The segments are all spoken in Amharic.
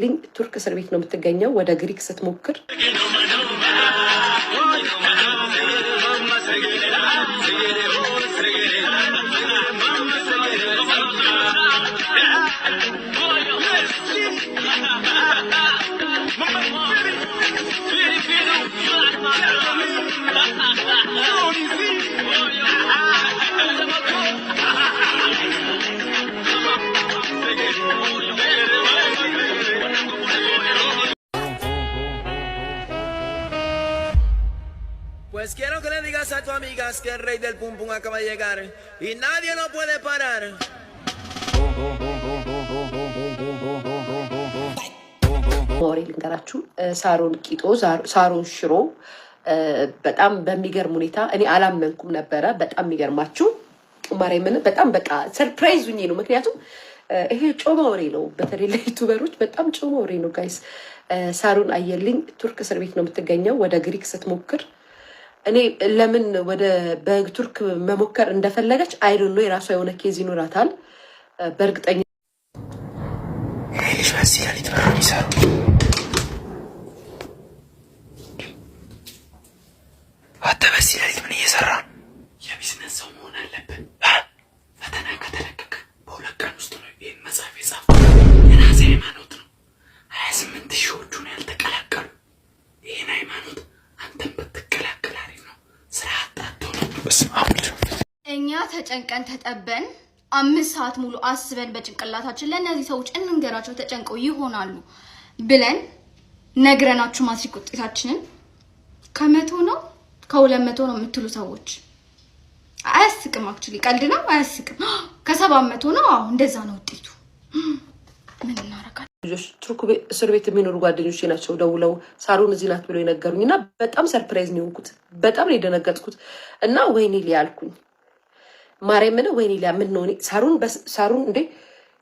ልኝ ቱርክ እስር ቤት ነው የምትገኘው። ወደ ግሪክ ስትሞክር Pues quiero que le digas a tus amigas que el rey del pum pum acaba de llegar y nadie lo puede parar. ወሬ ልንገራችሁ። ሳሮን ቂጦ ሳሮን ሽሮ በጣም በሚገርም ሁኔታ እኔ አላመንኩም ነበረ። በጣም የሚገርማችሁ ማርያምን በጣም በቃ ሰርፕራይዝ ሁኜ ነው። ምክንያቱም ይሄ ጮማ ወሬ ነው። በተለይ ለዩቱበሮች በጣም ጮማ ወሬ ነው ጋይስ። ሳሮን አየልኝ ቱርክ እስር ቤት ነው የምትገኘው። ወደ ግሪክ ስትሞክር እኔ ለምን ወደ ቱርክ መሞከር እንደፈለገች አይድ ነው የራሷ የሆነ ኬዝ ይኖራታል በእርግጠኛ ልጅ በዚህ ሌሊት ምን እየሰራ ነው በስመ አብ እኛ ተጨንቀን ተጠበን አምስት ሰዓት ሙሉ አስበን በጭንቅላታችን ለእነዚህ ሰዎች እንንገራቸው ተጨንቀው ይሆናሉ ብለን ነግረናችሁ ማትሪክ ውጤታችንን ከመቶ ነው ከሁለት መቶ ነው የምትሉ ሰዎች አያስቅም። አክቹሊ ቀልድ ነው፣ አያስቅም። ከሰባት መቶ ነው። አዎ እንደዛ ነው ውጤቱ ምንና ልጆች ቱርክ እስር ቤት የሚኖሩ ጓደኞች ናቸው ደውለው ሳሩን እዚህ ናት ብሎ የነገሩኝ እና በጣም ሰርፕራይዝ ነው የሆንኩት። በጣም ነው የደነገጥኩት እና ወይኔ ሊያ አልኩኝ። ምን ወይኔ ሊያ ምን ነው ሳሩን ሳሩን እንዴ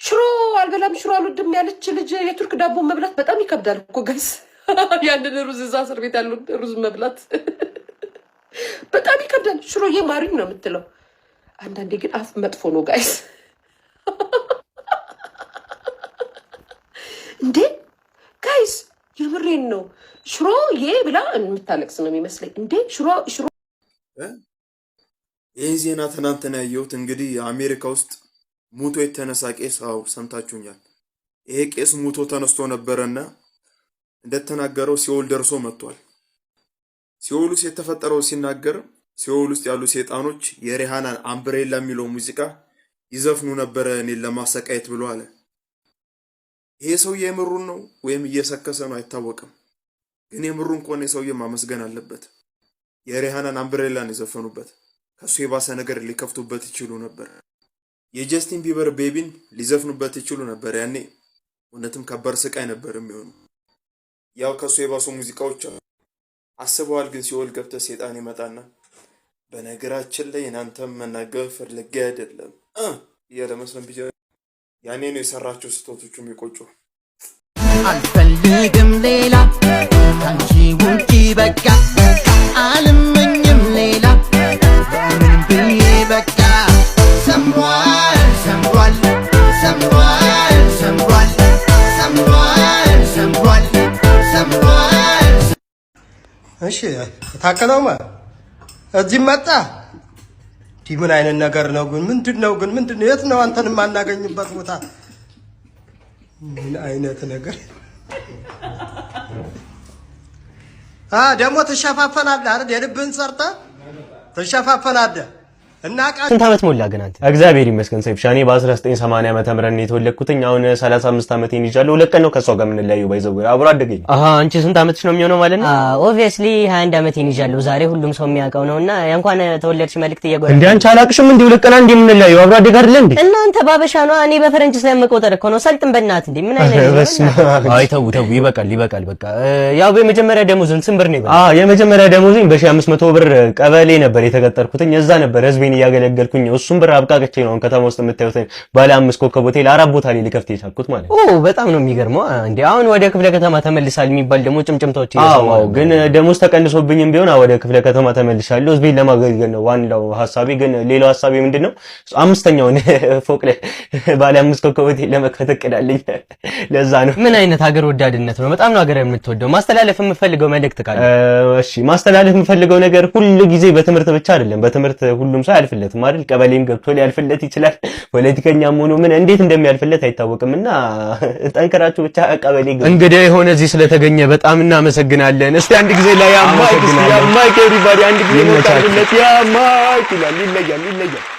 ሽሮ አልበላም ሽሮ አልወድም ያለች ልጅ የቱርክ ዳቦ መብላት በጣም ይከብዳል እኮ ጋይስ። ያንን ሩዝ እዛ እስር ቤት ያሉ ሩዝ መብላት በጣም ይከብዳል። ሽሮ ማሪኝ ነው የምትለው። አንዳንዴ ግን አፍ መጥፎ ነው ጋይስ። እንዴ ጋይስ የምሬን ነው። ሽሮ ዬ ብላ የምታለቅስ ነው የሚመስለኝ። እንዴ ሽሮ ሽሮ ይህ ዜና ትናንትና ያየሁት እንግዲህ አሜሪካ ውስጥ ሙቶ የተነሳ ቄስ ው ሰምታችሁኛል። ይሄ ቄስ ሙቶ ተነስቶ ነበረና እንደተናገረው ሲኦል ደርሶ መጥቷል። ሲኦል ውስጥ የተፈጠረው ሲናገር ሲኦል ውስጥ ያሉ ሴጣኖች የሪሃናን አምብሬላ የሚለው ሙዚቃ ይዘፍኑ ነበረ እኔን ለማሰቃየት ብሎ አለ። ይሄ ሰውዬ የምሩን ነው ወይም እየሰከሰ ነው አይታወቅም። ግን የምሩን ከሆነ የሰውዬ ማመስገን አለበት። የሪሃናን አምብሬላን የዘፈኑበት ከሱ የባሰ ነገር ሊከፍቱበት ይችሉ ነበር። የጀስቲን ቢበር ቤቢን ሊዘፍኑበት ይችሉ ነበር። ያኔ እውነትም ከባድ ስቃይ ነበር የሚሆኑ። ያው ከሱ የባሱ ሙዚቃዎች አሉ። አስበዋል። ግን ሲኦል ገብተ ሴጣን ይመጣና በነገራችን ላይ እናንተም መናገር ፈልጌ አይደለም እያለ መስለን ያኔ ነው የሰራቸው ስህተቶቹ የሚቆጩ። አልፈልግም ሌላ አንቺ ውጪ በቃ አልመኝም ሌላ ምን ብዬ በቃ ሰምሯል ሰምሯል ሰምሯል ሰምሯል ሰምሯል ሰምሯል ሰምሯል። እሺ ታከለውማ እዚህ መጣ እስኪ ምን አይነት ነገር ነው ግን? ምንድን ነው ግን? ምንድን ነው? የት ነው አንተን የማናገኝበት ቦታ? ምን አይነት ነገር አ ደግሞ ትሸፋፈናለህ አይደል? የልብህን ሰርተህ ትሸፋፈናለህ። ስንት ዓመት ሞላ ግን አንተ? እግዚአብሔር ይመስገን ሰይፍሻ፣ እኔ በ1980 ዓመተ ምህረት ነው የተወለድኩትኝ። አሁን 35 ዓመት ይንጃለሁ። ሁለት ቀን ነው ከሷ ጋር የምንለያየው። ባይዘው አብሮ አደገኝ። አሃ፣ አንቺ ስንት ዓመትሽ ነው የሚሆነው ማለት ነው? ኦብቪየስሊ 21 ዓመት ይንጃለሁ። ዛሬ ሁሉም ሰው የሚያውቀው ነው እና እንኳን ተወለድሽ መልእክት እየጎረ እንዴ። አንቺ አላቅሽም እንዴ? ሁለት ቀን አንዴ የምንለያየው አብሮ አደገ አይደለ እንዴ? እናንተ ባበሻ ነው እኔ በፈረንጅ ስለምቆጠር እኮ ነው። ሰልጥን በእናት እንዴ። ምን አይነት አይ፣ ተው ተው፣ ይበቃል ይበቃል። በቃ ያው የመጀመሪያ ደሞዝን ስንብር ነው? አዎ የመጀመሪያ ደሞዝን በ1500 ብር ቀበሌ ነበር የተቀጠርኩትኝ። እዛ ነበር ህዝቤ ራሴን እያገለገልኩኝ እሱም ብር አብቃቅቼ ነው ከተማ ውስጥ የምታዩትን ባለ አምስት ኮከብ ሆቴል አራት ቦታ ላይ ልከፍት የቻልኩት ማለት ነው። በጣም ነው የሚገርመው። እንዴ አሁን ወደ ክፍለ ከተማ ተመልሳል የሚባል ደግሞ ጭምጭምታዎች እየሰማሁ ግን ደሞዝ ተቀንሶብኝም ቢሆን ወደ ክፍለ ከተማ ተመልሻለሁ። ህዝቤን ለማገልገል ነው ዋናው ሀሳቤ። ግን ሌላው ሀሳቤ ምንድን ነው? አምስተኛውን ፎቅ ላይ ባለ አምስት ኮከብ ሆቴል ለመክፈት እቅዳለኝ። ለዛ ነው። ምን አይነት ሀገር ወዳድነት ነው! በጣም ነው ሀገር የምትወደው። ማስተላለፍ የምፈልገው መልእክት ካለ? እሺ ማስተላለፍ የምፈልገው ነገር ሁሉ ጊዜ በትምህርት ብቻ አይደለም። በትምህርት ሁሉም ሰው አያልፍለትም አይደል? ቀበሌም ገብቶ ሊያልፍለት ይችላል። ፖለቲከኛም ሆኖ ምን እንዴት እንደሚያልፍለት አይታወቅም። እና ጠንክራችሁ ብቻ ቀበሌ ገብቶ እንግዲህ የሆነ እዚህ ስለተገኘ በጣም እናመሰግናለን። እስቲ አንድ ጊዜ ላይ ያማይክ ያማይክ ኤቭሪባዲ አንድ ጊዜ ሞታለት ያማይክ ይላል። ይለያል ይለያል